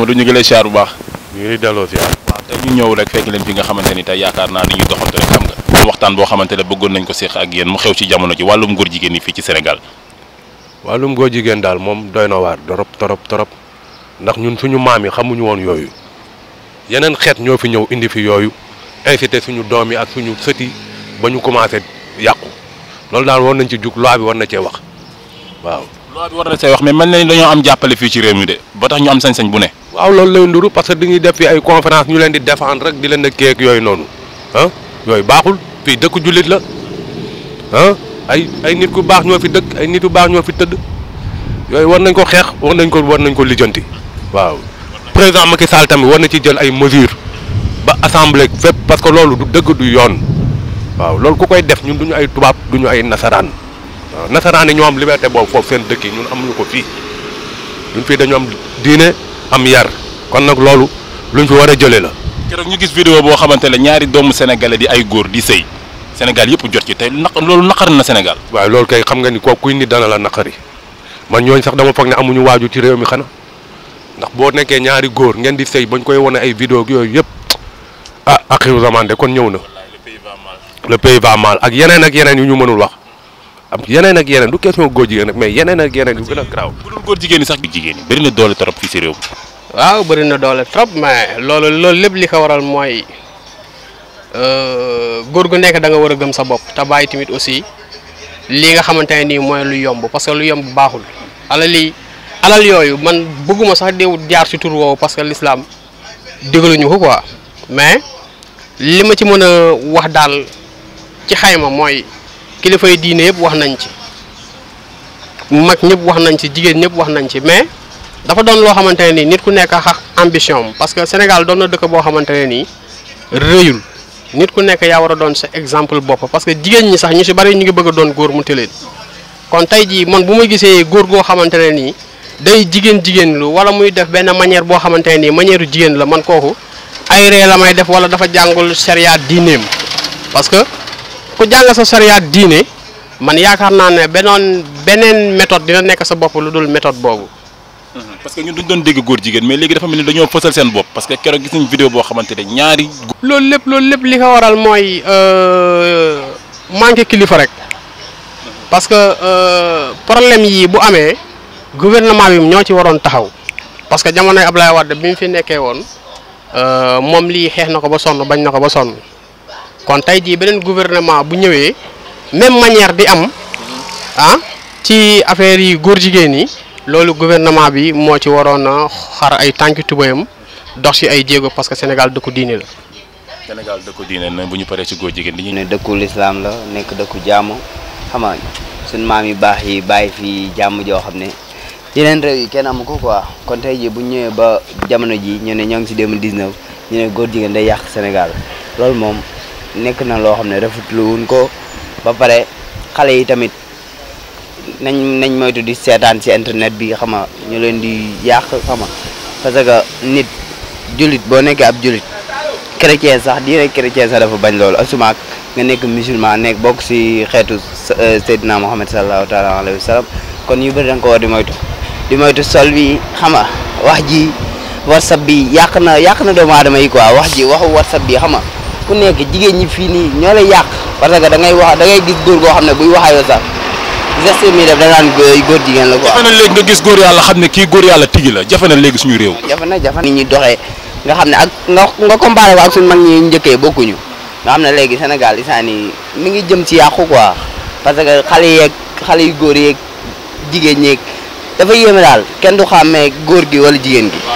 Amadou ñu ngi siyaar bu baax. ñu ngi lay delloo siyaar. waaw tey ñu ñëw rek fekk leen fi nga xamante ni tey yaakaar naa dañuy doxantu rek xam nga. waxtaan boo xamante ne bëggoon nañ ko séq ak yéen mu xew ci jamono ji wàllum góor jigéen yi fii ci Sénégal. wàllum góor jigéen daal moom doy na waar torop torop torop ndax ñun suñu maam yi xamuñu woon yooyu yeneen xeet ñoo fi ñëw indi fi yooyu incité suñu doom yi ak suñu sët ba ñu commencé yàqu loolu daal war nañ ci jug bi war na cee wax waaw. loi bi war wax mais mel na dañoo am jàppale fii ci réew mi de ba tax ñu am sañ-sañ bu ne. waaw loolu lay nduru parce que dañuy def fi ay conférence ñu leen di défendre rek di leen a kéeg yooyu noonu ah, yooyu baaxul fii dëkk jullit la ah ay ay nit ku baax ñoo fi dëkk ay nit ku baax ñoo fi tëdd yooyu war nañ ko xeex war nañ ko war nañ ko lijjanti waaw président Macky Sall tamit war na ci jël ay mesures ba assemblée fépp parce que loolu du dëkk du yoon waaw loolu ku koy def ñun duñu ay tubaab du ñu ay nasaraan waaw nasaraan yi ñoo am liberté boobu foofu seen dëkk yi ñun amuñu ko fii fii dañu am yar kon nag loolu luñ fi war a jëlee la. keroog ñu gis vidéo boo xamante ne ñaari doomu sénégalais di ay góor di sëy Sénégal yëpp jot ci tey naq loolu naqari na senegal waaw loolu kay xam nga ni kooku kuy nit dana la naqari man ñooñ sax dama foog ne amuñu waaju ci réew mi xana ndax boo nekkee ñaari góor ngeen di sëy bañ koy wane ay vidéo yooyu yëpp ah axiru zaman de kon ñëw na. le pays va mal ak yeneen ak yeneen yu ñu mënul wax am yeneen ak yeneen du question a garaaw. bu dul trop fii si waaw bëri na doole trop mais loolu loolu lépp li ko waral mooy euh, góor gu nekk da nga war a gëm sa bopp te bàyyi tamit aussi lii nga xamante ne nii mooy lu yomb parce que lu yomb baaxul alal yi alal yooyu man bëgguma sax di jaar si tur woowu parce que l'islam digaluñu ko ko mais li ma ci mën a wax daal ci xayma mooy kilifa yi diine yëpp wax nañ ci mag ñëpp wax nañ ci jigéen ñëpp wax nañ ci mais. dafa doon loo xamante ne nii nit ku nekk xax ambition parce que Sénégal doon na dëkk boo xamante ne nii rëyul nit ku nekk yaa war a doon sa exemple bopp parce que jigéen ñi sax ñu si bari ñu ngi bëgg a doon góor mu tëleen kon tey jii man bu ma gisee góor goo xamante ne nii day jigéen jigéen lu wala muy def benn manière boo xamante ne nii manière jigéen la man kooku ay ree la may def wala dafa jàngul sariya diineem parce que ku jàng sa sariya diine man yaakaar naa ne benoon beneen méthode dina nekk sa bopp lu dul boobu. parce que ñun duñ doon dégg góor jigéen mais léegi dafa mel ni dañoo fësal seen bopp parce que keroog gis nañ vidéo boo xamante ne ñaari. loolu lépp loolu lépp li ko waral mooy euh, manqué kilifa rek parce que euh, problème yi bu amee gouvernement bi ñoo ci waroon taxaw parce que ab Abdoulaye Wade bi mu fi nekkee woon euh, moom lii xeex na ko ba sonn bañ na ko ba sonn kon tey jii beneen gouvernement bu ñëwee même manière di am ah ci affaire yi góor jigéen yi. loolu gouvernement bi moo ci waroon a xar ay tànk tubéyam dox ci ay jéego parce que Sénégal dëkku diine la. Sénégal dëkku diine na bu ñu paree si góor jigéen di ñu ne dëkku lislaam la nekk dëkku jàmm xam nga suñ maam yu baax yi bàyyi fii jàmm joo xam ne yeneen réew yi kenn amu ko quoi kon tey jii bu ñëwee ba jamono ji ñu ne ñoo ngi ci 2019 ñu ne góor jigéen day yàq senegal loolu moom nekk na loo xam ne rafetlu wuñ ko ba pare xale yi tamit. nañ nañ moytu di seetaan ci internet bi xam ñu leen di yàq xam nga parce que nit jullit boo nekkee ab jullit chrétien sax diine chrétien sax dafa bañ loolu asumaak nga nekk musulman nekk bokk si xeetu euh, Seydina Muhammad sallallahu taala alayhi wa sallam kon yu bëri da nga ko war di moytu di moytu sol bi xam nga wax ji whatsapp bi yàq na yàq na doomu aadama yi quoi wax ji waxu whatsapp bi xam nga ku nekk jigéen ñi fii nii ñoo la yàq parce que da ngay wax da gis góor goo xam ne buy waxaayoo sax geste mi def da naan góor jigéen la quoi. jafe na léegi nga gis góor yàlla xam ne kii góor yàlla tigi la jafe léegi suñu réew. jafe na jafe na doxee nga xam ne ak nga nga comparé ko ak suñu mag ñi njëkkee bokkuñu nga xam ne léegi yi saa nii mi ngi jëm ci yàqu ko parce que xale yeeg xale yu góor yeeg jigéen ñeeg dafa yéeme daal kenn du xàmmee góor gi wala jigéen gi.